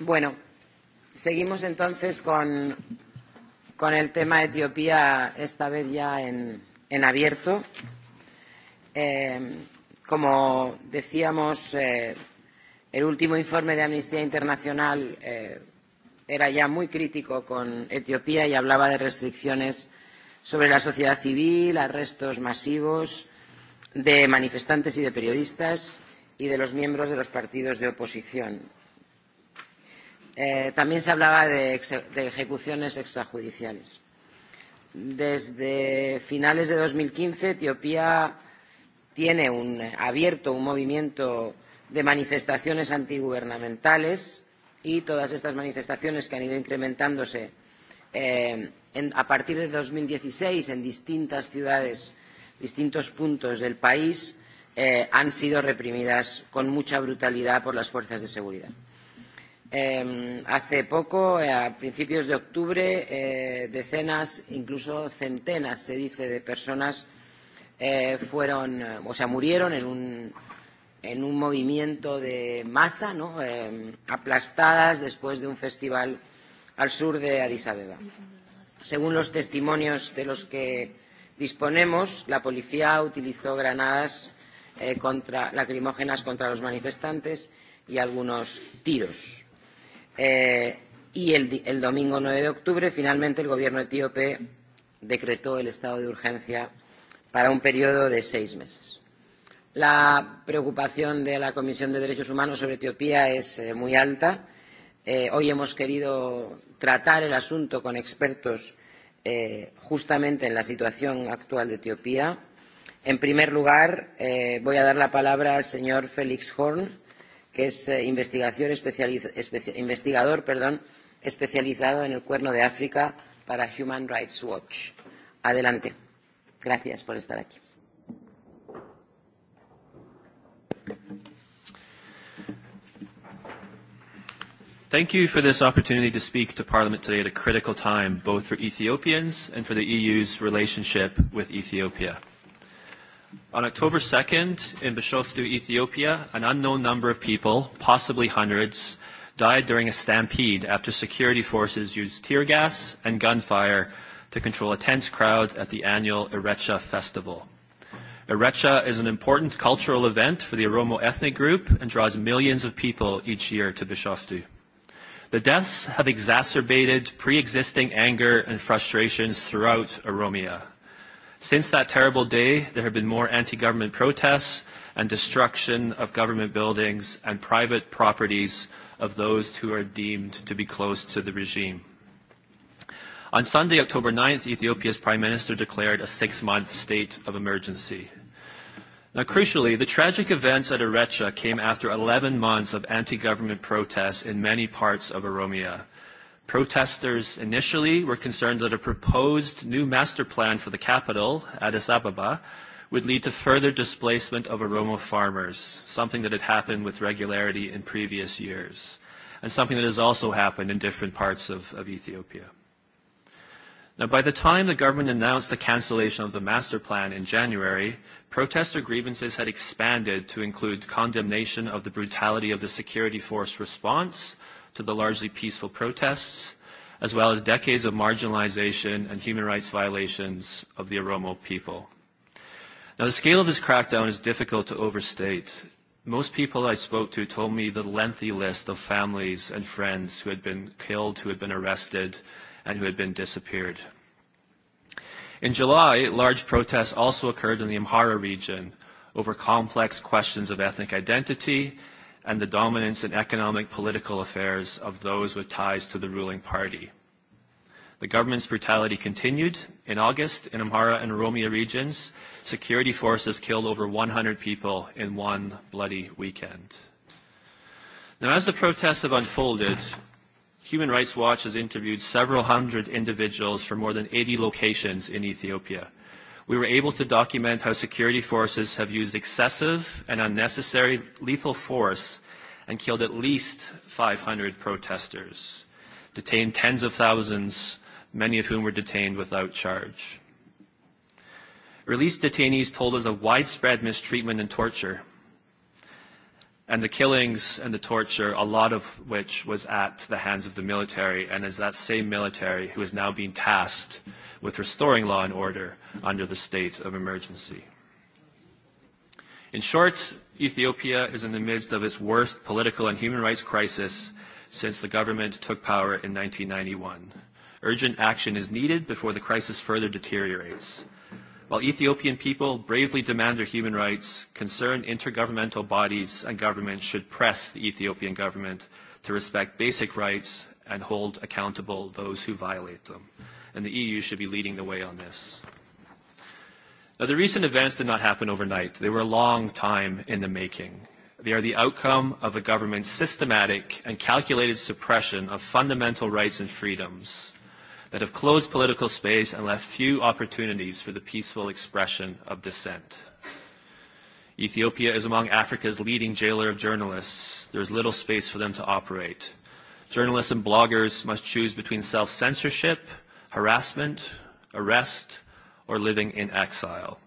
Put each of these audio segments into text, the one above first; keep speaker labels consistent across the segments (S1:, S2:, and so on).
S1: Bueno, seguimos entonces con, con el tema de Etiopía, esta vez ya en, en abierto. Eh, como decíamos, eh, el último informe de Amnistía Internacional eh, era ya muy crítico con Etiopía y hablaba de restricciones sobre la sociedad civil, arrestos masivos de manifestantes y de periodistas y de los miembros de los partidos de oposición. Eh, también se hablaba de, de ejecuciones extrajudiciales. Desde finales de 2015, Etiopía tiene un, abierto un movimiento de manifestaciones antigubernamentales y todas estas manifestaciones que han ido incrementándose eh, en, a partir de 2016 en distintas ciudades, distintos puntos del país, eh, han sido reprimidas con mucha brutalidad por las fuerzas de seguridad. Eh, hace poco, eh, a principios de octubre, eh, decenas, incluso centenas, se dice, de personas eh, fueron, eh, o sea, murieron en un, en un movimiento de masa, ¿no? eh, aplastadas después de un festival al sur de Addis Abeba. Según los testimonios de los que disponemos, la policía utilizó granadas eh, contra, lacrimógenas contra los manifestantes y algunos tiros. Eh, y el, el domingo 9 de octubre, finalmente, el gobierno etíope decretó el estado de urgencia para un periodo de seis meses. La preocupación de la Comisión de Derechos Humanos sobre Etiopía es eh, muy alta. Eh, hoy hemos querido tratar el asunto con expertos eh, justamente en la situación actual de Etiopía En primer lugar, eh, voy a dar la palabra al señor Félix Horn, que es eh, investigación especializ espe investigador perdón, especializado en el Cuerno de África para Human Rights Watch. Adelante. Gracias por estar aquí.
S2: Thank you for this opportunity to speak to Parliament today at a critical time, both for Ethiopians and for the EU's relationship with Ethiopia. On October 2nd, in Bishoftu, Ethiopia, an unknown number of people, possibly hundreds, died during a stampede after security forces used tear gas and gunfire to control a tense crowd at the annual Erecha Festival. Erecha is an important cultural event for the Oromo ethnic group and draws millions of people each year to Bishoftu. The deaths have exacerbated pre-existing anger and frustrations throughout Oromia. Since that terrible day, there have been more anti-government protests and destruction of government buildings and private properties of those who are deemed to be close to the regime. On Sunday, October 9th, Ethiopia's Prime Minister declared a six-month state of emergency. Now, crucially, the tragic events at Erecha came after 11 months of anti-government protests in many parts of Oromia. Protesters initially were concerned that a proposed new master plan for the capital, Addis Ababa, would lead to further displacement of Oromo farmers, something that had happened with regularity in previous years, and something that has also happened in different parts of, of Ethiopia. Now, by the time the government announced the cancellation of the master plan in January, protester grievances had expanded to include condemnation of the brutality of the security force response to the largely peaceful protests, as well as decades of marginalization and human rights violations of the Oromo people. Now, the scale of this crackdown is difficult to overstate. Most people I spoke to told me the lengthy list of families and friends who had been killed, who had been arrested, and who had been disappeared. In July, large protests also occurred in the Amhara region over complex questions of ethnic identity and the dominance in economic political affairs of those with ties to the ruling party. The government's brutality continued. In August, in Amhara and Oromia regions, security forces killed over 100 people in one bloody weekend. Now, as the protests have unfolded, Human Rights Watch has interviewed several hundred individuals from more than 80 locations in Ethiopia – we were able to document how security forces have used excessive and unnecessary lethal force and killed at least 500 protesters, detained tens of thousands, many of whom were detained without charge. Released detainees told us of widespread mistreatment and torture, and the killings and the torture, a lot of which was at the hands of the military, and is that same military who is now being tasked with restoring law and order under the state of emergency. In short, Ethiopia is in the midst of its worst political and human rights crisis since the government took power in 1991. Urgent action is needed before the crisis further deteriorates. While Ethiopian people bravely demand their human rights, concerned intergovernmental bodies and governments should press the Ethiopian government to respect basic rights and hold accountable those who violate them and the EU should be leading the way on this. Now, the recent events did not happen overnight. They were a long time in the making. They are the outcome of a government's systematic and calculated suppression of fundamental rights and freedoms that have closed political space and left few opportunities for the peaceful expression of dissent. Ethiopia is among Africa's leading jailer of journalists. There is little space for them to operate. Journalists and bloggers must choose between self-censorship harassment, arrest, or living in exile.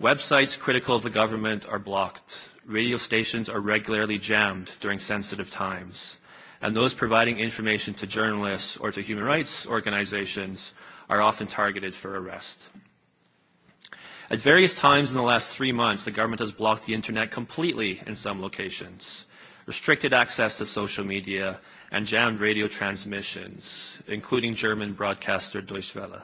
S2: Websites critical of the government are blocked. Radio stations are regularly jammed during sensitive times. And those providing information to journalists or to human rights organizations are often targeted for arrest. At various times in the last three months, the government has blocked the internet completely in some locations, restricted access to social media, and jammed radio transmissions, including German broadcaster Deutsche Welle.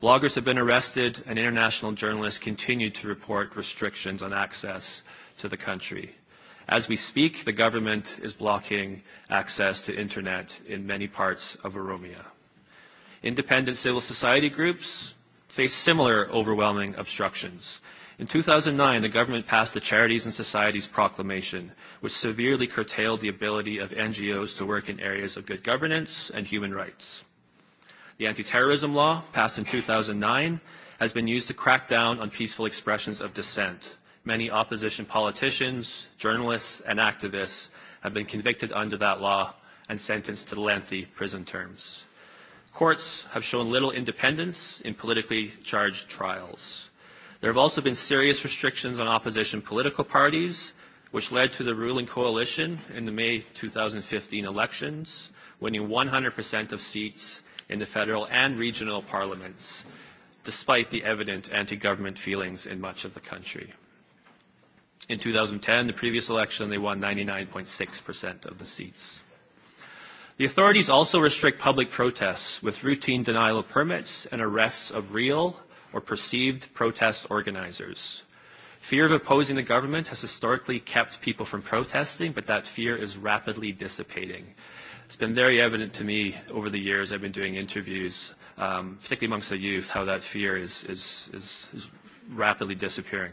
S2: Bloggers have been arrested, and international journalists continue to report restrictions on access to the country. As we speak, the government is blocking access to internet in many parts of Oromia. Independent civil society groups face similar overwhelming obstructions, In 2009, the government passed the Charities and Societies Proclamation, which severely curtailed the ability of NGOs to work in areas of good governance and human rights. The anti-terrorism law, passed in 2009, has been used to crack down on peaceful expressions of dissent. Many opposition politicians, journalists, and activists have been convicted under that law and sentenced to lengthy prison terms. Courts have shown little independence in politically charged trials. There have also been serious restrictions on opposition political parties, which led to the ruling coalition in the May 2015 elections, winning 100% of seats in the federal and regional parliaments, despite the evident anti-government feelings in much of the country. In 2010, the previous election, they won 99.6% of the seats. The authorities also restrict public protests with routine denial of permits and arrests of real or perceived protest organizers. Fear of opposing the government has historically kept people from protesting, but that fear is rapidly dissipating. It's been very evident to me over the years I've been doing interviews, um, particularly amongst the youth, how that fear is, is, is, is rapidly disappearing.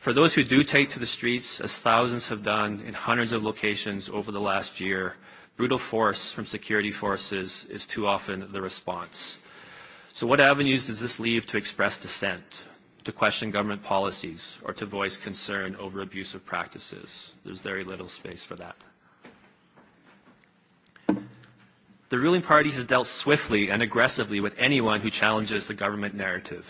S2: For those who do take to the streets, as thousands have done in hundreds of locations over the last year, brutal force from security forces is too often the response. So what avenues does this leave to express dissent, to question government policies, or to voice concern over abusive practices? There's very little space for that. The ruling party has dealt swiftly and aggressively with anyone who challenges the government narrative.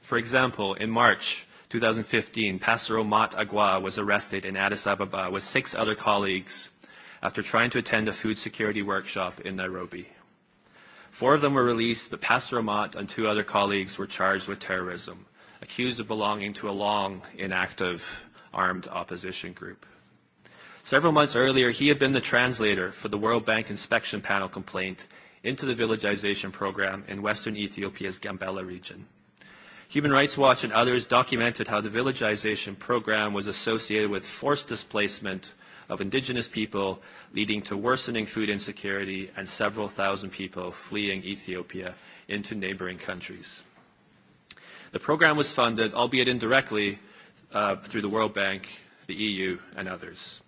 S2: For example, in March 2015, Pastor Omat Agua was arrested in Addis Ababa with six other colleagues after trying to attend a food security workshop in Nairobi. Four of them were released. The pastor Amat and two other colleagues were charged with terrorism, accused of belonging to a long inactive armed opposition group. Several months earlier, he had been the translator for the World Bank Inspection Panel complaint into the villagization program in western Ethiopia's Gambela region. Human Rights Watch and others documented how the villagization program was associated with forced displacement of indigenous people, leading to worsening food insecurity and several thousand people fleeing Ethiopia into neighboring countries. The program was funded, albeit indirectly, uh, through the World Bank, the EU, and others.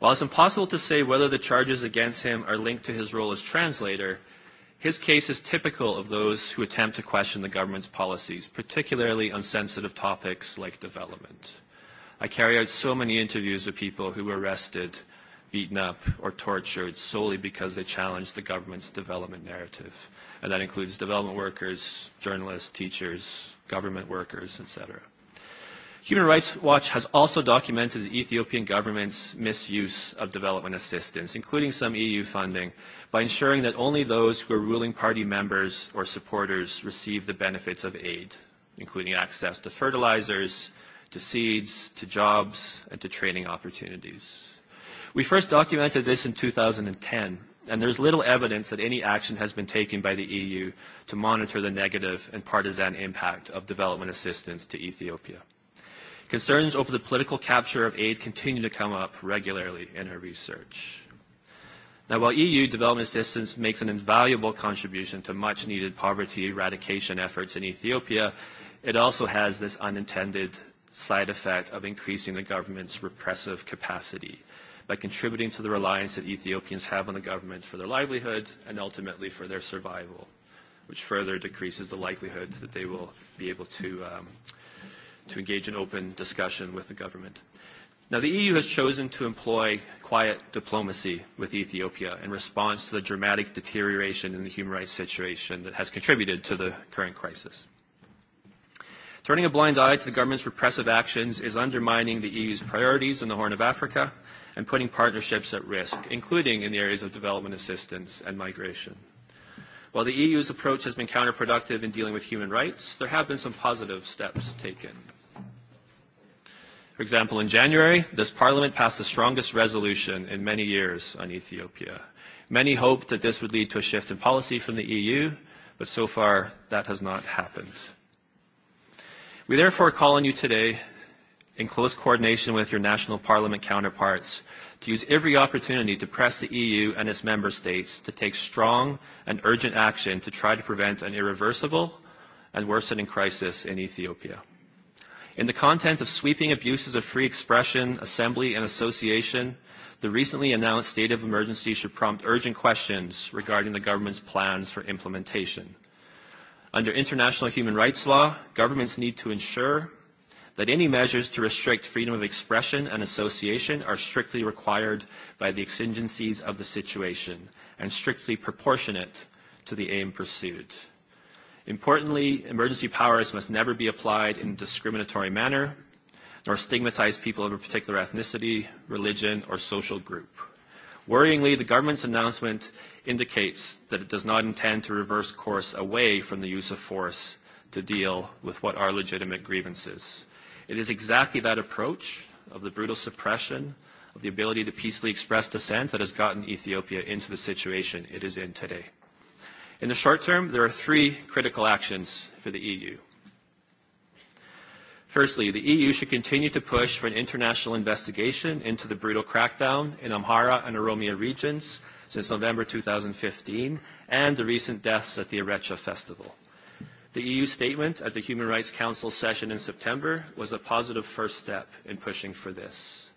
S2: While it's impossible to say whether the charges against him are linked to his role as translator, his case is typical of those who attempt to question the government's policies, particularly on sensitive topics like development. I carry out so many interviews with people who were arrested, beaten up, or tortured solely because they challenged the government's development narrative. And that includes development workers, journalists, teachers, government workers, etc. Human Rights Watch has also documented the Ethiopian government's misuse of development assistance, including some EU funding, by ensuring that only those who are ruling party members or supporters receive the benefits of aid, including access to fertilizers, to seeds, to jobs, and to training opportunities. We first documented this in 2010, and there's little evidence that any action has been taken by the EU to monitor the negative and partisan impact of development assistance to Ethiopia. Concerns over the political capture of aid continue to come up regularly in our research. Now, while EU development assistance makes an invaluable contribution to much needed poverty eradication efforts in Ethiopia, it also has this unintended side effect of increasing the government's repressive capacity by contributing to the reliance that Ethiopians have on the government for their livelihood and ultimately for their survival, which further decreases the likelihood that they will be able to, um, to engage in open discussion with the government. Now, the EU has chosen to employ quiet diplomacy with Ethiopia in response to the dramatic deterioration in the human rights situation that has contributed to the current crisis. Turning a blind eye to the government's repressive actions is undermining the EU's priorities in the Horn of Africa and putting partnerships at risk, including in the areas of development assistance and migration. While the EU's approach has been counterproductive in dealing with human rights, there have been some positive steps taken. For example, in January, this Parliament passed the strongest resolution in many years on Ethiopia. Many hoped that this would lead to a shift in policy from the EU, but so far that has not happened. We therefore call on you today, in close coordination with your national parliament counterparts, to use every opportunity to press the EU and its member states to take strong and urgent action to try to prevent an irreversible and worsening crisis in Ethiopia. In the content of sweeping abuses of free expression, assembly, and association, the recently announced state of emergency should prompt urgent questions regarding the government's plans for implementation. Under international human rights law, governments need to ensure that any measures to restrict freedom of expression and association are strictly required by the exigencies of the situation and strictly proportionate to the aim pursued. Importantly, emergency powers must never be applied in a discriminatory manner, nor stigmatize people of a particular ethnicity, religion, or social group. Worryingly, the government's announcement indicates that it does not intend to reverse course away from the use of force to deal with what are legitimate grievances. It is exactly that approach of the brutal suppression of the ability to peacefully express dissent that has gotten Ethiopia into the situation it is in today. In the short term, there are three critical actions for the EU. Firstly, the EU should continue to push for an international investigation into the brutal crackdown in Amhara and Oromia regions since November 2015 and the recent deaths at the Erecha Festival. The EU statement at the Human Rights Council session in September was a positive first step in pushing for this.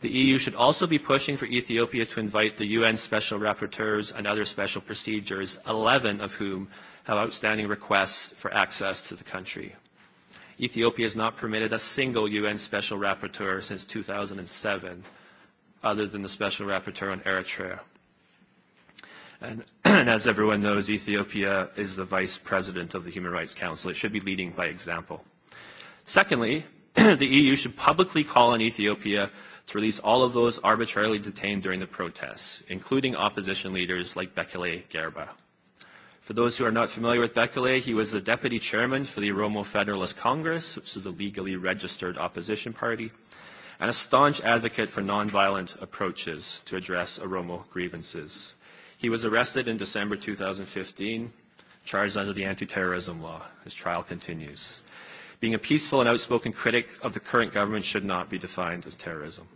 S2: The EU should also be pushing for Ethiopia to invite the UN special rapporteurs and other special procedures, 11 of whom have outstanding requests for access to the country. Ethiopia has not permitted a single UN special rapporteur since 2007, other than the special rapporteur on Eritrea. And, and as everyone knows, Ethiopia is the vice president of the Human Rights Council. It should be leading by example. Secondly, the EU should publicly call on Ethiopia to release all of those arbitrarily detained during the protests, including opposition leaders like Bekele Gerba. For those who are not familiar with Bekele, he was the deputy chairman for the Oromo Federalist Congress, which is a legally registered opposition party, and a staunch advocate for nonviolent approaches to address Oromo grievances. He was arrested in December 2015, charged under the anti-terrorism law. His trial continues. Being a peaceful and outspoken critic of the current government should not be defined as terrorism.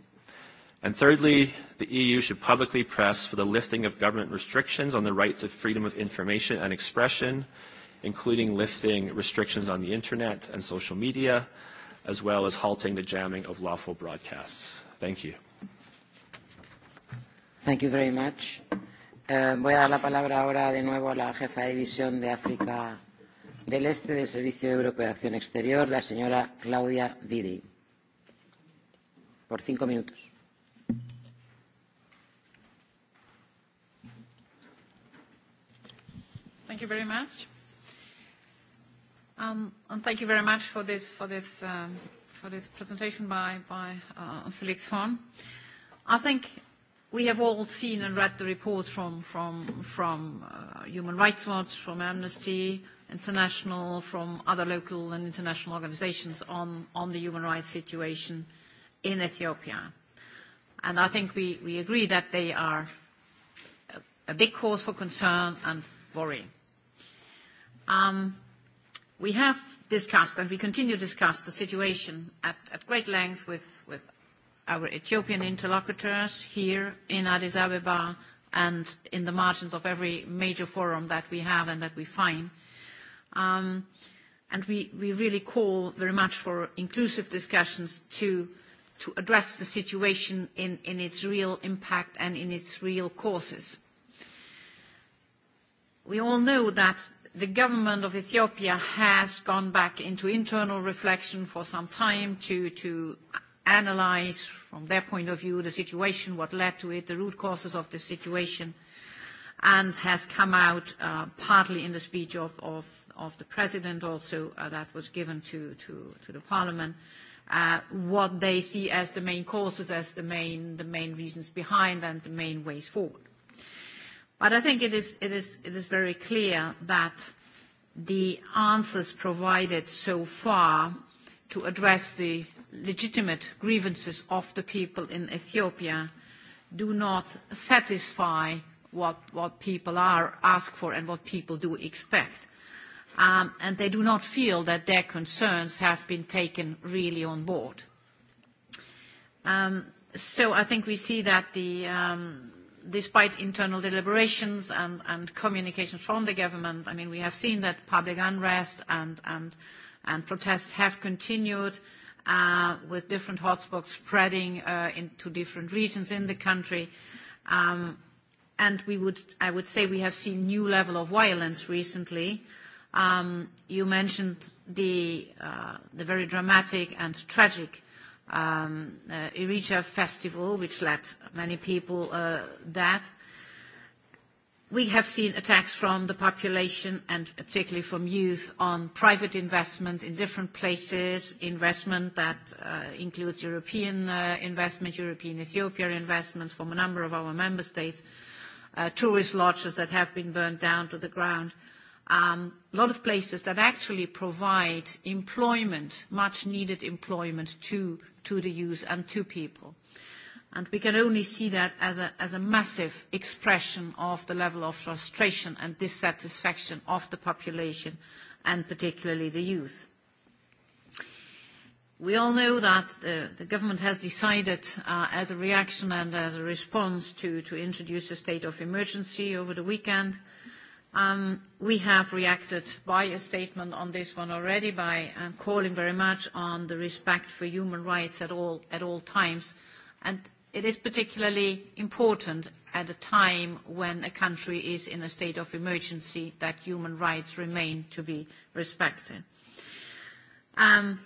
S2: And thirdly, the EU should publicly press for the lifting of government restrictions on the right to freedom of information and expression, including lifting restrictions on the internet and social media, as well as halting the jamming of lawful broadcasts. Thank you.
S1: Thank you very much. Eh, voy a dar la palabra ahora de nuevo a la jefa de división de África del Este del Servicio Europeo de Acción Exterior, la señora Claudia Vidi, por cinco minutos.
S3: Thank you very much. Um, and thank you very much for this, for this, um, for this presentation by, by uh, Felix Horn. I think We have all seen and read the reports from, from, from uh, Human Rights Watch, from Amnesty International, from other local and international organizations on, on the human rights situation in Ethiopia. And I think we, we agree that they are a, a big cause for concern and worry. Um, we have discussed and we continue to discuss the situation at, at great length with, with our Ethiopian interlocutors here in Addis Ababa and in the margins of every major forum that we have and that we find. Um, and we, we really call very much for inclusive discussions to, to address the situation in, in its real impact and in its real causes. We all know that the government of Ethiopia has gone back into internal reflection for some time to, to analyze from their point of view the situation, what led to it, the root causes of the situation, and has come out uh, partly in the speech of, of, of the President also uh, that was given to, to, to the Parliament, uh, what they see as the main causes, as the main, the main reasons behind and the main ways forward. But I think it is, it is, it is very clear that the answers provided so far to address the legitimate grievances of the people in Ethiopia do not satisfy what, what people are ask for and what people do expect. Um, and they do not feel that their concerns have been taken really on board. Um, so I think we see that the, um, despite internal deliberations and, and communications from the government, I mean, we have seen that public unrest and, and, and protests have continued uh, with different hotspots spreading uh, into different regions in the country. Um, and we would, I would say we have seen new level of violence recently. Um, you mentioned the, uh, the very dramatic and tragic um, uh, Irija festival, which led many people uh, that we have seen attacks from the population and particularly from youth on private investment in different places, investment that uh, includes European uh, investment, European Ethiopia investment from a number of our member states, uh, tourist lodges that have been burned down to the ground. Um, a lot of places that actually provide employment, much needed employment to, to the youth and to people. And we can only see that as a, as a massive expression of the level of frustration and dissatisfaction of the population and particularly the youth. We all know that the, the government has decided uh, as a reaction and as a response to, to introduce a state of emergency over the weekend. Um, we have reacted by a statement on this one already by uh, calling very much on the respect for human rights at all, at all times and It is particularly important at a time when a country is in a state of emergency that human rights remain to be respected. Um,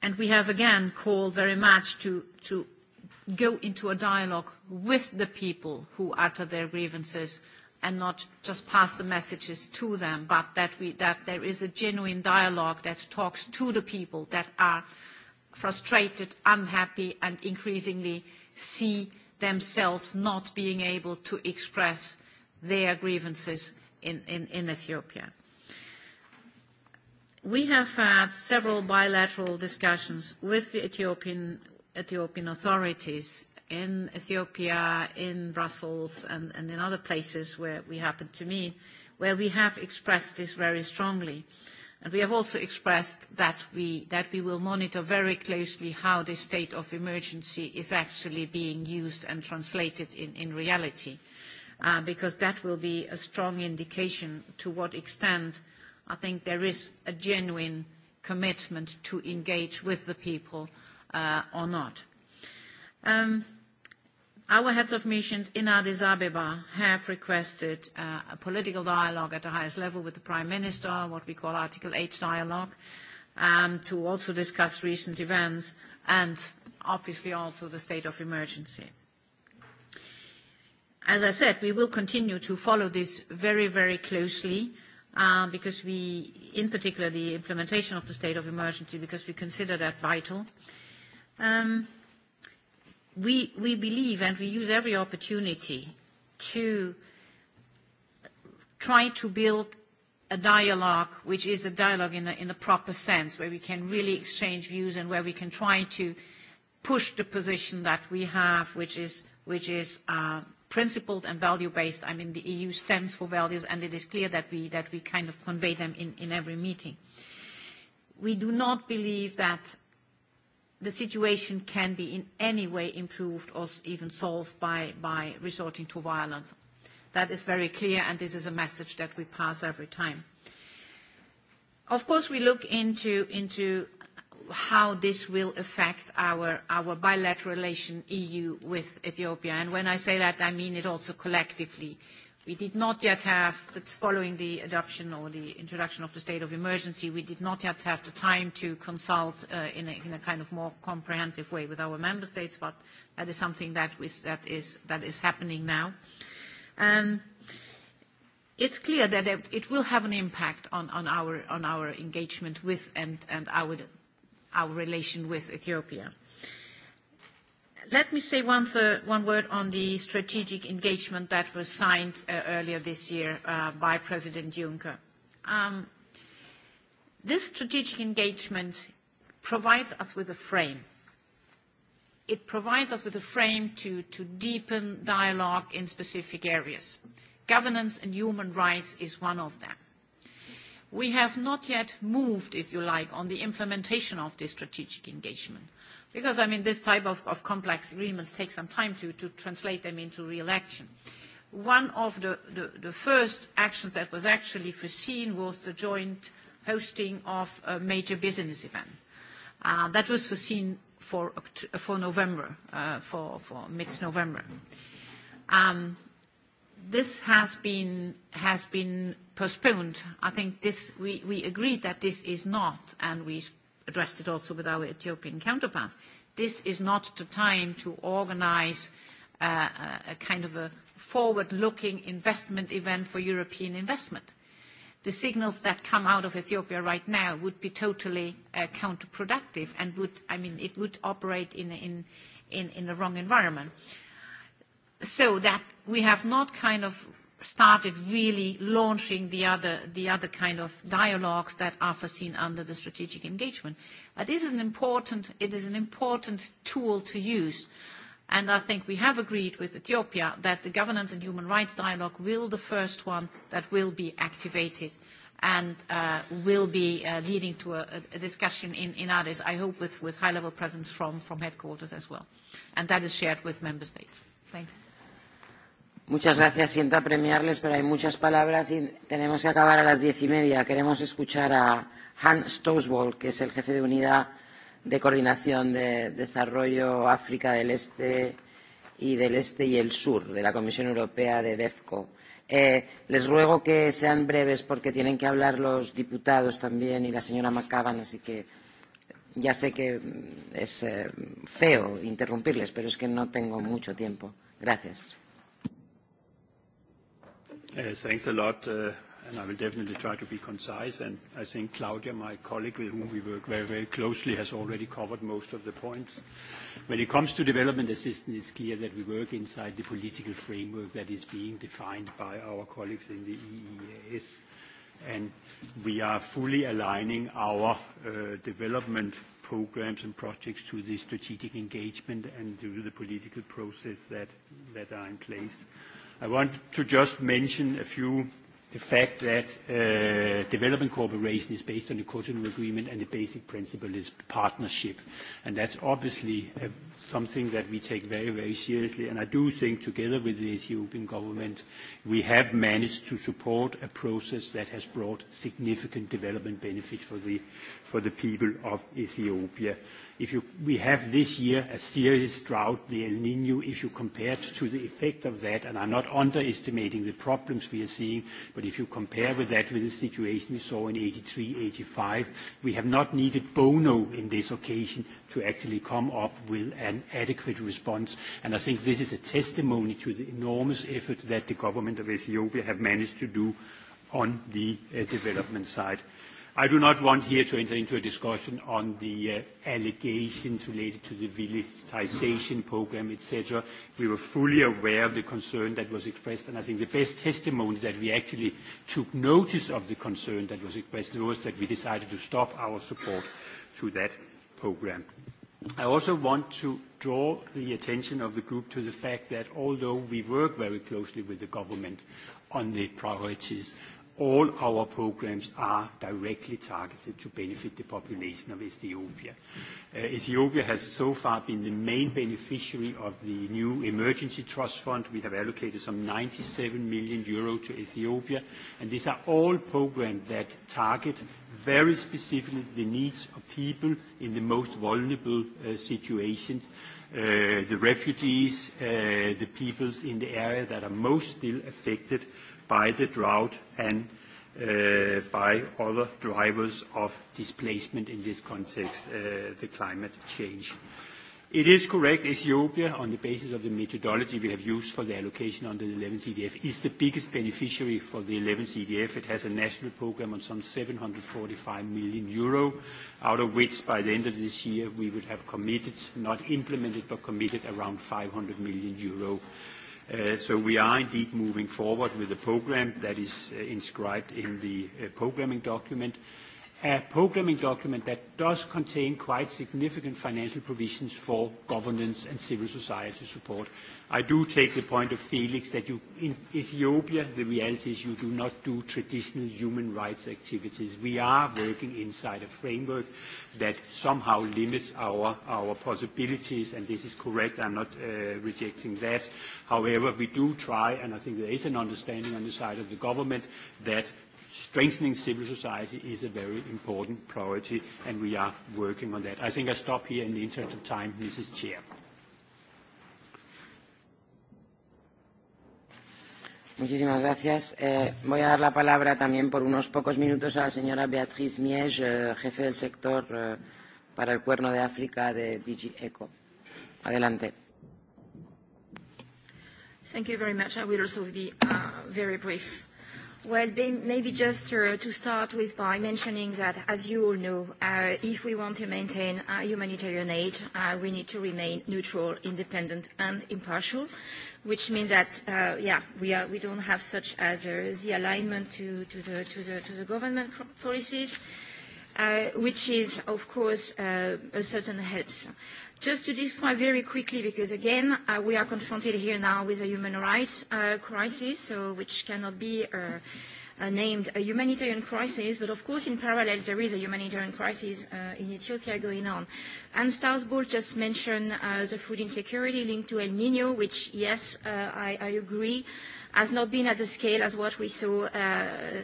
S3: and we have again called very much to, to go into a dialogue with the people who utter their grievances and not just pass the messages to them, but that, we, that there is a genuine dialogue that talks to the people that are frustrated, unhappy, and increasingly see themselves not being able to express their grievances in, in, in Ethiopia. We have had several bilateral discussions with the Ethiopian, Ethiopian authorities in Ethiopia, in Brussels, and, and in other places where we happen to meet, where we have expressed this very strongly. Uh, we have also expressed that we, that we will monitor very closely how this state of emergency is actually being used and translated in, in reality, uh, because that will be a strong indication to what extent I think there is a genuine commitment to engage with the people uh, or not. Um, Our heads of missions in Addis Ababa have requested uh, a political dialogue at the highest level with the Prime Minister, what we call Article 8 dialogue, um, to also discuss recent events and obviously also the state of emergency. As I said, we will continue to follow this very, very closely uh, because we, in particular, the implementation of the state of emergency, because we consider that vital. Um, we, we believe and we use every opportunity to try to build a dialogue which is a dialogue in a, in a proper sense where we can really exchange views and where we can try to push the position that we have which is, which is uh, principled and value-based. I mean, the EU stands for values and it is clear that we, that we kind of convey them in, in every meeting. We do not believe that the situation can be in any way improved or even solved by, by resorting to violence. That is very clear, and this is a message that we pass every time. Of course, we look into, into how this will affect our, our bilateral relation EU with Ethiopia. And when I say that, I mean it also collectively. We did not yet have, that following the adoption or the introduction of the state of emergency, we did not yet have the time to consult uh, in, a, in a kind of more comprehensive way with our member states, but that is something that, we, that, is, that is happening now. Um, it's clear that it will have an impact on, on, our, on our engagement with and, and our, our relation with Ethiopia. Let me say one, th one word on the strategic engagement that was signed uh, earlier this year uh, by President Juncker. Um, this strategic engagement provides us with a frame. It provides us with a frame to, to deepen dialogue in specific areas. Governance and human rights is one of them. We have not yet moved, if you like, on the implementation of this strategic engagement. Because, I mean, this type of, of complex agreements take some time to, to translate them into real action. One of the, the, the first actions that was actually foreseen was the joint hosting of a major business event. Uh, that was foreseen for, uh, for November, uh, for, for mid-November. Um, this has been, has been postponed. I think this, we, we agreed that this is not, and we addressed it also with our Ethiopian counterparts. This is not the time to organize uh, uh, a kind of a forward-looking investment event for European investment. The signals that come out of Ethiopia right now would be totally uh, counterproductive and would, I mean, it would operate in, in, in, in the wrong environment. So that we have not kind of started really launching the other, the other kind of dialogues that are foreseen under the strategic engagement. But this is an important, it is an important tool to use. And I think we have agreed with Ethiopia that the governance and human rights dialogue will the first one that will be activated and uh, will be uh, leading to a, a discussion in, in Addis, I hope with, with high-level presence from, from headquarters as well. And that is shared with member states. Thank you.
S1: Muchas gracias. Siento apremiarles, pero hay muchas palabras y tenemos que acabar a las diez y media. Queremos escuchar a Hans Stoswald, que es el jefe de unidad de coordinación de desarrollo África del Este y del Este y el Sur de la Comisión Europea de DEFCO. Eh, les ruego que sean breves porque tienen que hablar los diputados también y la señora Macaban, así que ya sé que mm, es eh, feo interrumpirles, pero es que no tengo mucho tiempo. Gracias.
S4: Uh, thanks a lot, uh, and I will definitely try to be concise. I think Claudia, my colleague with whom we work very, very closely, has already covered most of the points. When it comes to development assistance, it's clear that we work inside the political framework that is being defined by our colleagues in the EEAS, and we are fully aligning our uh, development programs and projects to the strategic engagement and to the political process that, are in place. I want to just mention a few, the fact that uh, development cooperation is based on the Cotonou Agreement and the basic principle is partnership. And that's obviously uh, something that we take very, very seriously. And I do think together with the Ethiopian government, we have managed to support a process that has brought significant development benefit for the, for the people of Ethiopia. If you, we have this year a serious drought, the El Nino compare it to the effect of that, and I'm not underestimating the problems we are seeing, but if you compare with that with the situation we saw in 83, 85, we have not needed Bono in this occasion to actually come up with an adequate response. And I think this is a testimony to the enormous effort that the government of Ethiopia have managed to do on the uh, development side. I do not want here to enter into a discussion on the uh, allegations related to the villitization program, etc. We were fully aware of the concern that was expressed, and I think the best testimony that we actually took notice of the concern that was expressed was that we decided to stop our support to that program. I also want to draw the attention of the group to the fact that although we work very closely with the government on the priorities all our programs are directly targeted to benefit the population of Ethiopia. Uh, Ethiopia has so far been the main beneficiary of the new emergency trust fund. We have allocated some 97 million euro to Ethiopia, and these are all programs that target very specifically the needs of people in the most vulnerable uh, situations, uh, the refugees, uh, the peoples in the area that are most still affected by the drought and uh, by other drivers of displacement in this context, uh, the climate change. It is correct, Ethiopia, on the basis of the methodology we have used for the allocation under the 11 CDF, is the biggest beneficiary for the 11 CDF. It has a national program on some 745 million euro, out of which by the end of this year we would have committed, not implemented, but committed around 500 million euro. Uh, so we are indeed moving forward with the program that is uh, inscribed in the uh, programming document a programming document that does contain quite significant financial provisions for governance and civil society support. I do take the point of Felix that you, in Ethiopia, the reality is you do not do traditional human rights activities. We are working inside a framework that somehow limits our, our possibilities, and this is correct. I'm not uh, rejecting that. However, we do try, and I think there is an understanding on the side of the government, that strengthening civil society is a very important priority, and we are working on that. I think I stop here in the interest of time, Mrs. Chair.
S1: Muchísimas gracias. Eh, voy a dar la palabra también por unos pocos minutos a la señora Beatriz Mies, eh, jefe del sector eh, para el Cuerno de África de DigiEco. Adelante.
S5: Thank you very much. I will also be uh, very brief. Well, maybe just uh, to start with by mentioning that, as you all know, uh, if we want to maintain uh, humanitarian aid, uh, we need to remain neutral, independent, and impartial, which means that, uh, yeah, we, are, we don't have such as uh, the alignment to, to, the, to, the, to the government policies, uh, which is, of course, uh, a certain helps. Just to describe very quickly, because again, uh, we are confronted here now with a human rights uh, crisis, so which cannot be uh, uh, named a humanitarian crisis, but of course in parallel there is a humanitarian crisis uh, in Ethiopia going on. And Strasbourg just mentioned uh, the food insecurity linked to El Nino, which yes, uh, I, I agree, has not been at the scale as what we saw uh,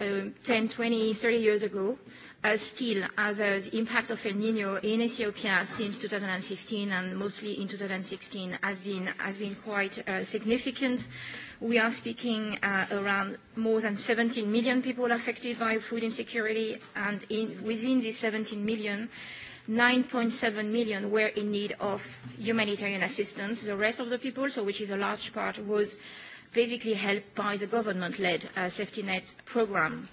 S5: uh, 10, 20, 30 years ago. Uh, Uh, still as the impact of El Nino in Ethiopia since 2015 and mostly in 2016 has been, has been quite uh, significant. We are speaking uh, around more than 17 million people affected by food insecurity and within these 17 million, 9.7 million were in need of humanitarian assistance. The rest of the people, so which is a large part, was basically helped by the government-led safety net program.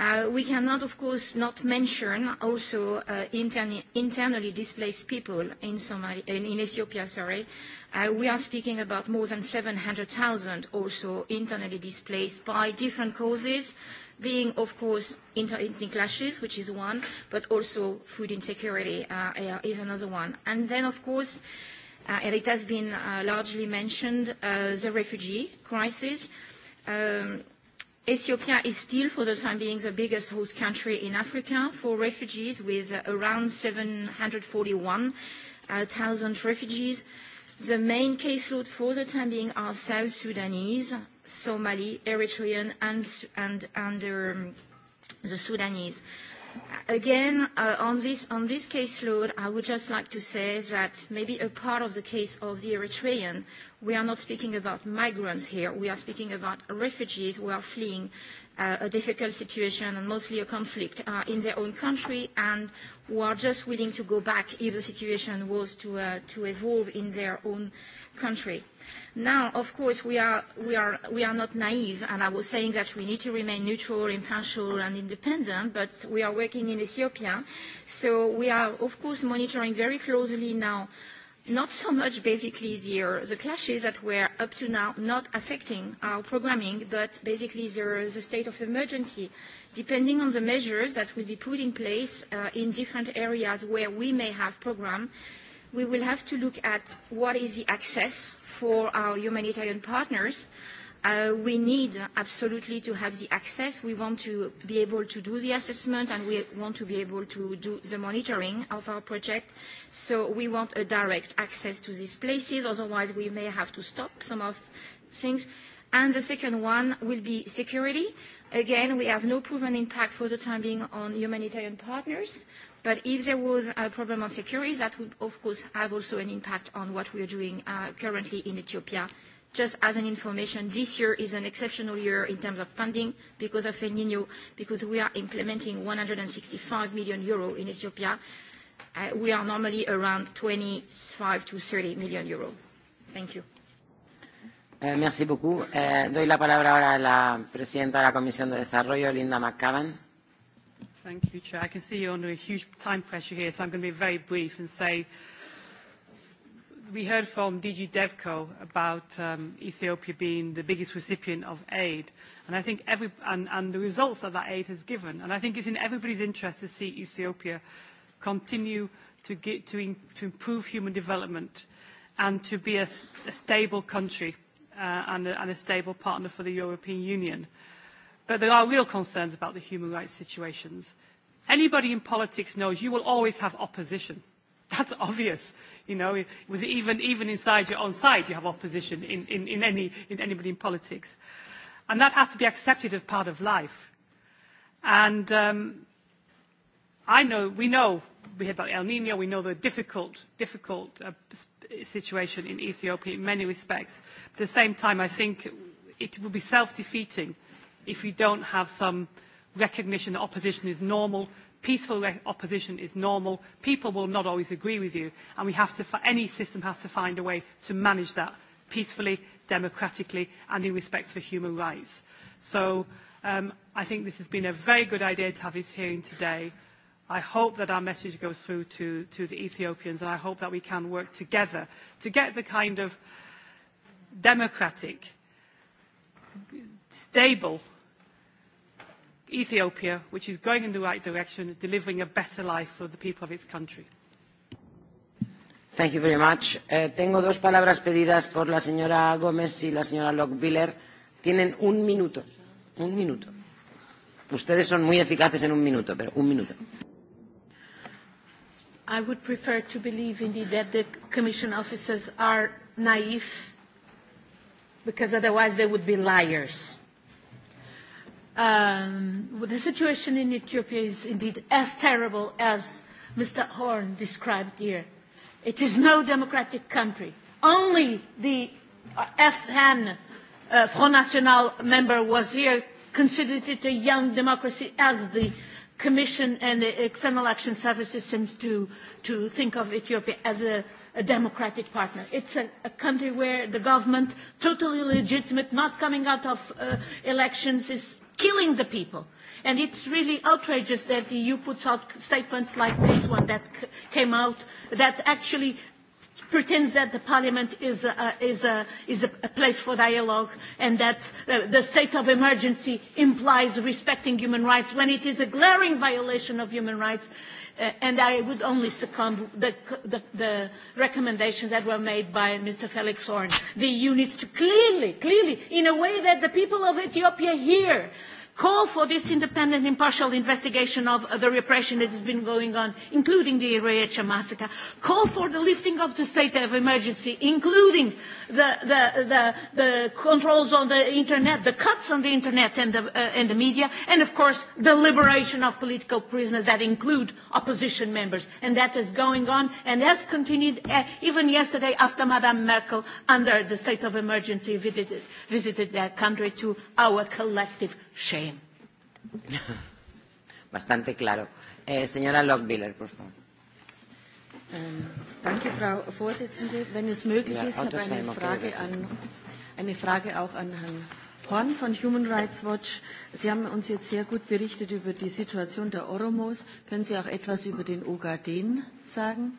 S5: Uh, we cannot, of course, not mention also uh, internally displaced people in, Somali in, in Ethiopia. Sorry. Uh, we are speaking about more than 700,000 also internally displaced by different causes, being, of course, inter-ethnic clashes, which is one, but also food insecurity uh, is another one. And then, of course, uh, and it has been uh, largely mentioned, uh, the refugee crisis. Um, Ethiopia is still, for the time being, the biggest host country in Africa for refugees, with uh, around 741,000 uh, refugees. The main caseload for the time being are South Sudanese, Somali, Eritrean, and, and, and um, the Sudanese. Again, uh, on, this, on this Lord, I would just like to say that maybe a part of the case of the Eritrean, we are not speaking about migrants here. We are speaking about refugees who are fleeing uh, a difficult situation and mostly a conflict uh, in their own country and who are just willing to go back if the situation was to, uh, to evolve in their own country. Now, of course, we are, we, are, we are not naive, and I was saying that we need to remain neutral, impartial, and independent, but we are working in Ethiopia. So we are, of course, monitoring very closely now not so much basically the, the clashes that were up to now not affecting our programming, but basically the, the state of emergency, depending on the measures that will be put in place uh, in different areas where we may have programs we will have to look at what is the access for our humanitarian partners. Uh, we need absolutely to have the access. We want to be able to do the assessment and we want to be able to do the monitoring of our project. So we want a direct access to these places, otherwise we may have to stop some of things. And the second one will be security. Again, we have no proven impact for the time being on humanitarian partners. But if there was a problem on security, that would, of course, have also an impact on what we are doing uh, currently in Ethiopia. Just as an information, this year is an exceptional year in terms of funding because of El Nino, because we are implementing 165 million euro in Ethiopia. Uh, we are normally around 25 to 30 million euro. Thank you.
S1: Eh, merci beaucoup. Eh, doy la palabra ahora a la presidenta de la Comisión de Desarrollo, Linda McCavan.
S6: Thank you, Chair. I can see you're under a huge time pressure here, so I'm going to be very brief and say we heard from DG DevCo about um, Ethiopia being the biggest recipient of aid, and I think every and, and the results that that aid has given, and I think it's in everybody's interest to see Ethiopia continue to get to, in, to improve human development and to be a, a stable country uh, and, a, and a stable partner for the European Union. But there are real concerns about the human rights situations. Anybody in politics knows you will always have opposition. That's obvious. You know, with even, even inside your own side, you have opposition in, in, in, any, in anybody in politics. And that has to be accepted as part of life. And um, I know, we know, we hear about El Nino, we know the difficult, difficult uh, situation in Ethiopia in many respects. But at the same time, I think it will be self-defeating if you don't have some recognition that opposition is normal, peaceful opposition is normal, people will not always agree with you, and we have to, any system has to find a way to manage that peacefully, democratically, and in respect for human rights. So um, I think this has been a very good idea to have this hearing today. I hope that our message goes through to, to the Ethiopians, and I hope that we can work together to get the kind of democratic stable Ethiopia, which is going in the right direction, delivering a better life for the people of its country.
S1: Thank you very much. Eh, tengo dos palabras pedidas por la señora Gómez y la señora Lockbiller. Tienen un minuto. Un minuto. Ustedes son muy eficaces en un minuto, pero un minuto.
S7: I would prefer to believe indeed that the commission officers are naive because otherwise they would be liars. Um, the situation in Ethiopia is indeed as terrible as Mr. Horn described here. It is no democratic country. Only the uh, FN uh, Front National member was here, considered it a young democracy as the Commission and the External Action Services seem to, to think of Ethiopia as a, a democratic partner. It's a, a country where the government, totally legitimate, not coming out of uh, elections, is killing the people. And it's really outrageous that the EU puts out statements like this one that came out that actually pretends that the parliament is a, is a, is a place for dialogue and that uh, the state of emergency implies respecting human rights when it is a glaring violation of human rights uh, and I would only second the, the, the recommendations that were made by Mr. Felix Horn. The EU needs to clearly, clearly, in a way that the people of Ethiopia hear, call for this independent impartial investigation of the repression that has been going on, including the Ireecha massacre, call for the lifting of the state of emergency, including the, the, the, the controls on the internet, the cuts on the internet and the, uh, and the media, and of course the liberation of political prisoners that include opposition members. And that is going on and has continued uh, even yesterday after Madame Merkel, under the state of emergency, visited, visited that country to our collective Shame.
S1: Bastante claro. Eh, señora Lockbiller, por favor.
S8: Ähm, danke, Frau Vorsitzende. Wenn es möglich ja, ist, habe ich eine Frage, an, eine Frage auch an Herrn Horn von Human Rights Watch. Sie haben uns jetzt sehr gut berichtet über die Situation der Oromos. Können Sie auch etwas über den Ogaden sagen?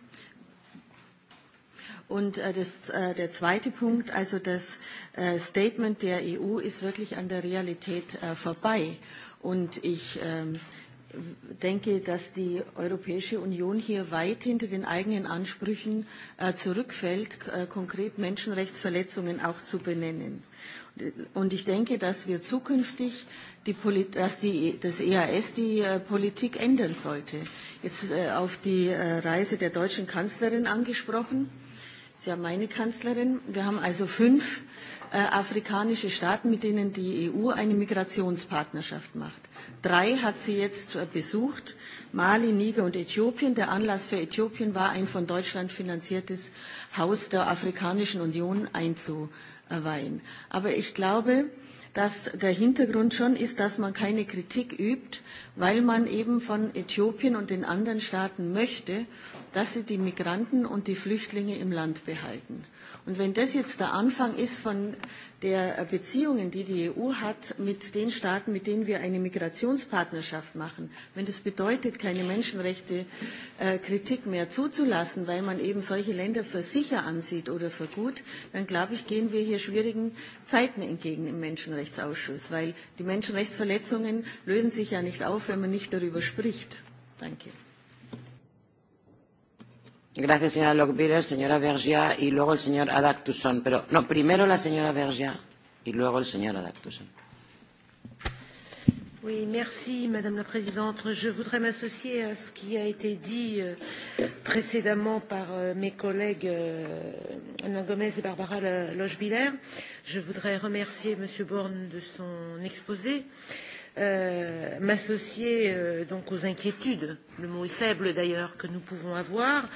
S8: Und äh, das, äh, der zweite Punkt, also das äh, Statement der EU ist wirklich an der Realität äh, vorbei. Und ich äh, denke, dass die Europäische Union hier weit hinter den eigenen Ansprüchen äh, zurückfällt, äh, konkret Menschenrechtsverletzungen auch zu benennen. Und ich denke, dass wir zukünftig die dass die, das EAS die äh, Politik ändern sollte. Jetzt äh, auf die äh, Reise der deutschen Kanzlerin angesprochen. Sie haben meine Kanzlerin. Wir haben also fünf äh, afrikanische Staaten, mit denen die EU eine Migrationspartnerschaft macht. Drei hat sie jetzt äh, besucht, Mali, Niger und Äthiopien. Der Anlass für Äthiopien war, ein von Deutschland finanziertes Haus der Afrikanischen Union einzuweihen. Aber ich glaube, dass der Hintergrund schon ist, dass man keine Kritik übt, weil man eben von Äthiopien und den anderen Staaten möchte, dass sie die Migranten und die Flüchtlinge im Land behalten. Und wenn das jetzt der Anfang ist von der Beziehungen, die die EU hat mit den Staaten, mit denen wir eine Migrationspartnerschaft machen, wenn das bedeutet, keine Menschenrechte-Kritik äh, mehr zuzulassen, weil man eben solche Länder für sicher ansieht oder für gut, dann glaube ich, gehen wir hier schwierigen Zeiten entgegen im Menschenrechtsausschuss, weil die Menschenrechtsverletzungen lösen sich ja nicht auf, wenn man nicht darüber spricht. Danke.
S1: Gracias, señora Lockbiller, señora y luego el señor Adactuson. Pero no, primero la señora y luego el señor Adactuson.
S9: Oui, merci Madame la Présidente. Je voudrais m'associer à ce qui a été dit euh, précédemment par euh, mes collègues euh, Anna Gomez et Barbara Lochbiller. Je voudrais remercier Monsieur Borne de son exposé. Euh, Euh, m'associer euh, donc aux inquiétudes, le mot est faible d'ailleurs, que nous pouvons avoir,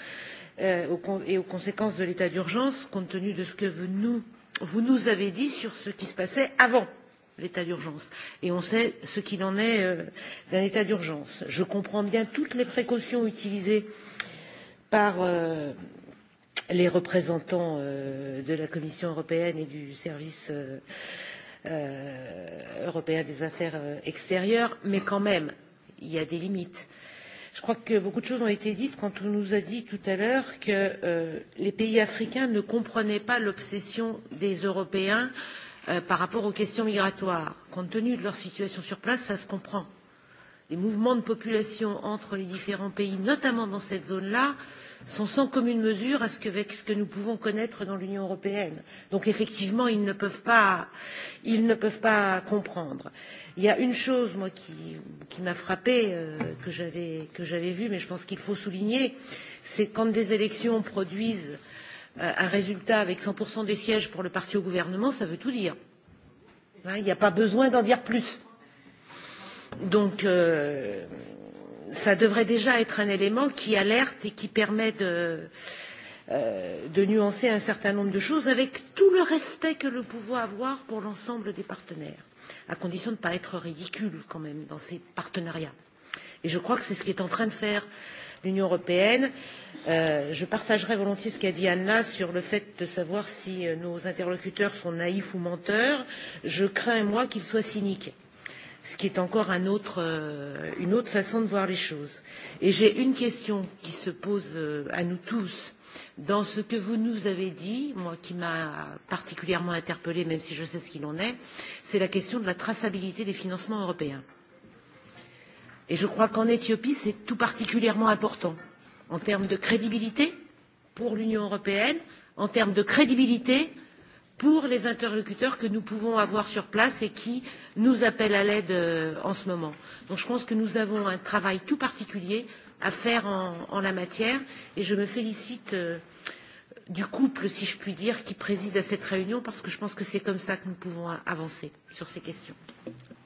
S9: euh, et aux conséquences de l'état d'urgence, compte tenu de ce que vous nous, vous nous avez dit sur ce qui se passait avant l'état d'urgence. Et on sait ce qu'il en est euh, d'un état d'urgence. Je comprends bien toutes les précautions utilisées par euh, les représentants euh, de la Commission européenne et du service euh, euh, européen des affaires euh, extérieures, mais quand même, il y a des limites. Je crois que beaucoup de choses ont été dites quand on nous a dit tout à l'heure que euh, les pays africains ne comprenaient pas l'obsession des Européens euh, par rapport aux questions migratoires. Compte tenu de leur situation sur place, ça se comprend les mouvements de population entre les différents pays, notamment dans cette zone-là, sont sans commune mesure à ce que, avec ce que nous pouvons connaître dans l'Union européenne. Donc effectivement, ils ne peuvent pas, ils ne peuvent pas comprendre. Il y a une chose, moi, qui, qui m'a frappée, euh, que j'avais vue, mais je pense qu'il faut souligner, c'est quand des élections produisent euh, un résultat avec 100% des sièges pour le parti au gouvernement, ça veut tout dire. Il n'y a pas besoin d'en dire plus. Euh, Donc, euh, ça devrait déjà être un élément qui alerte et qui permet de, euh, de nuancer un certain nombre de choses avec tout le respect que nous pouvons avoir pour l'ensemble des partenaires, à condition de ne pas être ridicule quand même dans ces partenariats. Et je crois que c'est ce qui est en train de faire l'Union européenne. Euh, je partagerai volontiers ce qu'a dit Anna sur le fait de savoir si euh, nos interlocuteurs sont naïfs ou menteurs. Je crains, moi, qu'ils soient cyniques ce qui est encore un autre, euh, une autre façon de voir les choses. Et j'ai une question qui se pose euh, à nous tous. Dans ce que vous nous avez dit, moi qui m'a particulièrement interpellé, même si je sais ce qu'il en est, c'est la question de la traçabilité des financements européens. Et je crois qu'en Éthiopie, c'est tout particulièrement important en termes de crédibilité pour l'Union européenne, en termes de crédibilité pour les interlocuteurs que nous pouvons avoir sur place et qui nous appellent à l'aide euh, en ce moment. Donc je pense que nous avons un travail tout particulier à faire en, en la matière et je me félicite euh, du couple, si je puis dire, qui préside à cette réunion parce que je pense que c'est comme ça que nous pouvons avancer sur ces questions.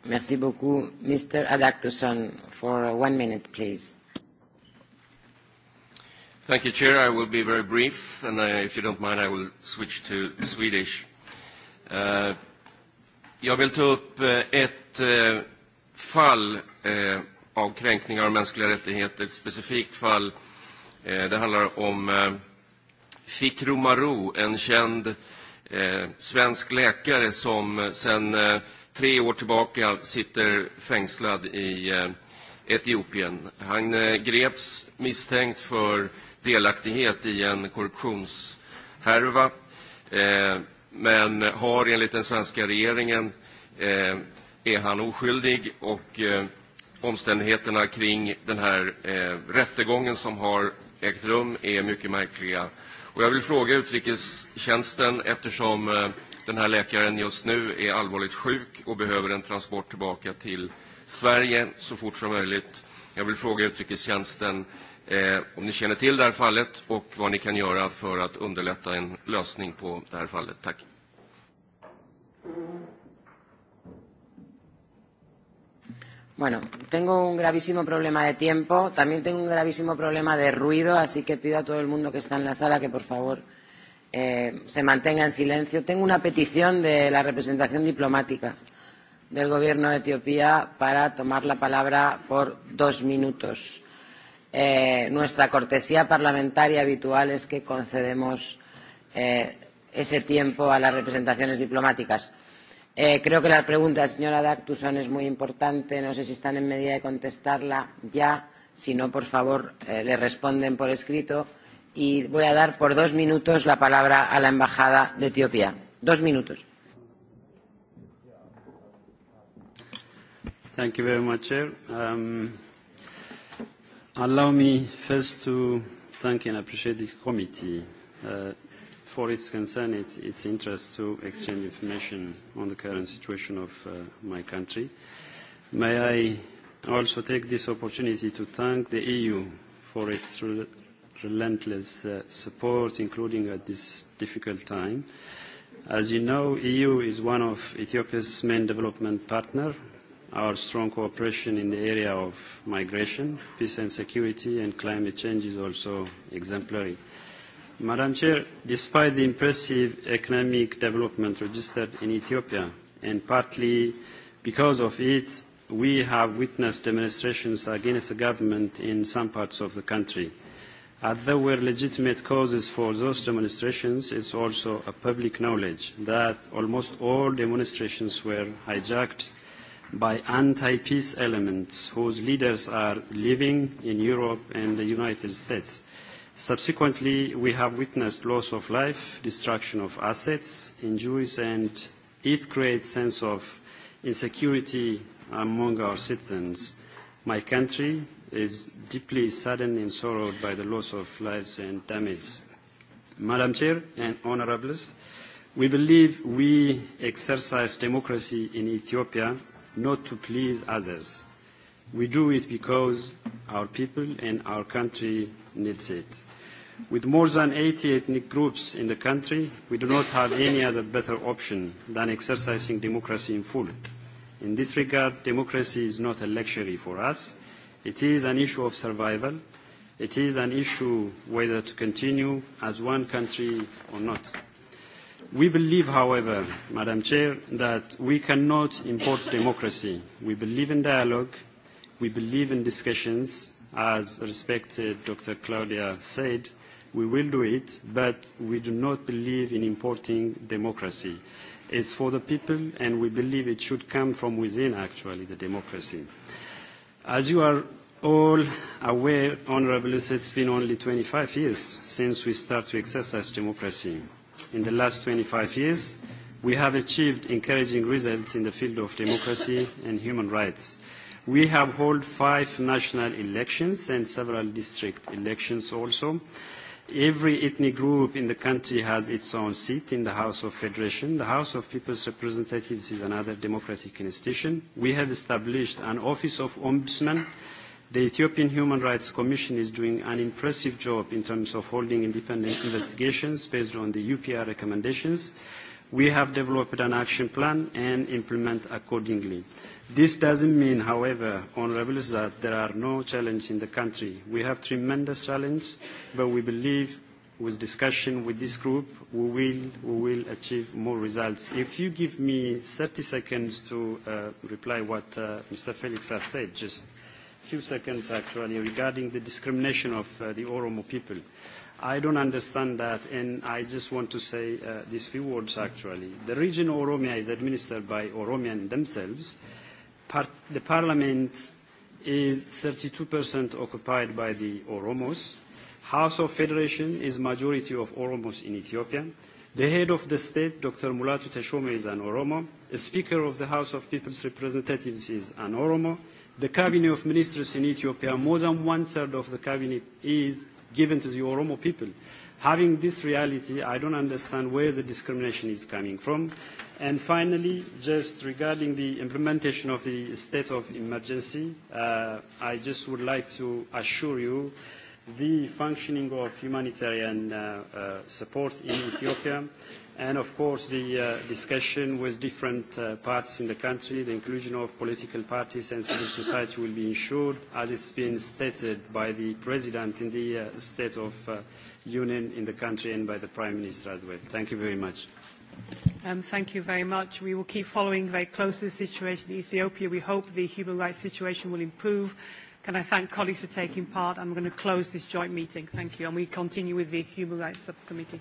S1: Merci beaucoup. Mr. Adaktusson, for one minute, please.
S10: Thank you, Chair. I will be very brief, and I, if you don't mind, I will switch to Swedish. Uh, jag vill ta upp eh, ett uh, fall uh, av kränkningar av mänskliga rättigheter, ett specifikt fall. Det handlar om Fikru Maru, en känd svensk läkare som sedan tre år tillbaka sitter fängslad i Etiopien. Han greps misstänkt för delaktighet i en korruptionshärva eh, men har enligt den svenska regeringen eh, är han oskyldig och eh, omständigheterna kring den här rättegången som har ägt rum är mycket märkliga. Och jag vill fråga utrikestjänsten eftersom den här läkaren just nu är allvarligt sjuk och behöver en transport tillbaka till Sverige så fort som möjligt. Jag vill fråga utrikestjänsten Eh, om ni känner till det här fallet och vad ni kan göra för att underlätta en lösning på det här fallet. Tack. Bueno,
S1: tengo un gravísimo problema de tiempo, también tengo un gravísimo problema de ruido, así que pido a todo el mundo que está en la sala que por favor eh, se mantenga en silencio. Tengo una petición de la representación diplomática del gobierno de Etiopía para tomar la palabra por dos minutos. Eh, nuestra cortesía parlamentaria habitual es que concedemos eh, ese tiempo a las representaciones diplomáticas. Eh, creo que la pregunta de la señora Dactuson es muy importante. No sé si están en medida de contestarla ya. Si no, por favor, eh, le responden por escrito. Y voy a dar por dos minutos la palabra a la Embajada de Etiopía. Dos minutos.
S11: Thank you very much, Chair. Um, Allow me first to thank and appreciate the committee uh, for its concern, its, its interest to exchange information on the current situation of uh, my country. May I also take this opportunity to thank the EU for its re relentless uh, support, including at this difficult time. As you know, EU is one of Ethiopia's main development partners our strong cooperation in the area of migration, peace and security, and climate change is also exemplary. Madam Chair, despite the impressive economic development registered in Ethiopia, and partly because of it, we have witnessed demonstrations against the government in some parts of the country. As there were legitimate causes for those demonstrations, it's also a public knowledge that almost all demonstrations were hijacked by anti-peace elements whose leaders are living in Europe and the United States. Subsequently, we have witnessed loss of life, destruction of assets, injuries, and it creates sense of insecurity among our citizens. My country is deeply saddened and sorrowed by the loss of lives and damage. Madam Chair and Honorables, we believe we exercise democracy in Ethiopia not to please others. We do it because our people and our country needs it. With more than 80 ethnic groups in the country, we do not have any other better option than exercising democracy in full. In this regard, democracy is not a luxury for us. It is an issue of survival. It is an issue whether to continue as one country or not. We believe, however, Madam Chair, that we cannot import democracy. We believe in dialogue. We believe in discussions. As respected Dr. Claudia said, we will do it, but we do not believe in importing democracy. It's for the people, and we believe it should come from within, actually, the democracy. As you are all aware, Honorable It's been only 25 years since we started to exercise democracy in the last 25 years, we have achieved encouraging results in the field of democracy and human rights. We have held five national elections and several district elections also. Every ethnic group in the country has its own seat in the House of Federation. The House of People's Representatives is another democratic institution. We have established an Office of Ombudsman The Ethiopian Human Rights Commission is doing an impressive job in terms of holding independent investigations based on the UPR recommendations. We have developed an action plan and implement accordingly. This doesn't mean, however, honorables, that there are no challenges in the country. We have tremendous challenges, but we believe with discussion with this group, we will, we will achieve more results. If you give me 30 seconds to uh, reply what uh, Mr. Felix has said, just few seconds actually regarding the discrimination of uh, the Oromo people. I don't understand that and I just want to say uh, these few words actually. The region Oromia is administered by Oromian themselves. Par the parliament is 32% occupied by the Oromos. House of Federation is majority of Oromos in Ethiopia. The head of the state, Dr. Mulatu Teshome, is an Oromo. The speaker of the House of People's Representatives is an Oromo. The cabinet of ministers in Ethiopia, more than one third of the cabinet is given to the Oromo people. Having this reality, I don't understand where the discrimination is coming from. And finally, just regarding the implementation of the state of emergency, uh, I just would like to assure you the functioning of humanitarian uh, uh, support in Ethiopia and of course the uh, discussion with different uh, parts in the country, the inclusion of political parties and civil society will be ensured as it's been stated by the President in the uh, State of uh, Union in the country and by the Prime Minister as well. Thank you very much.
S6: Um, thank you very much. We will keep following very closely the situation in Ethiopia. We hope the human rights situation will improve. Can I thank colleagues for taking part? I'm going to close this joint meeting. Thank you. And we continue with the Human Rights Subcommittee.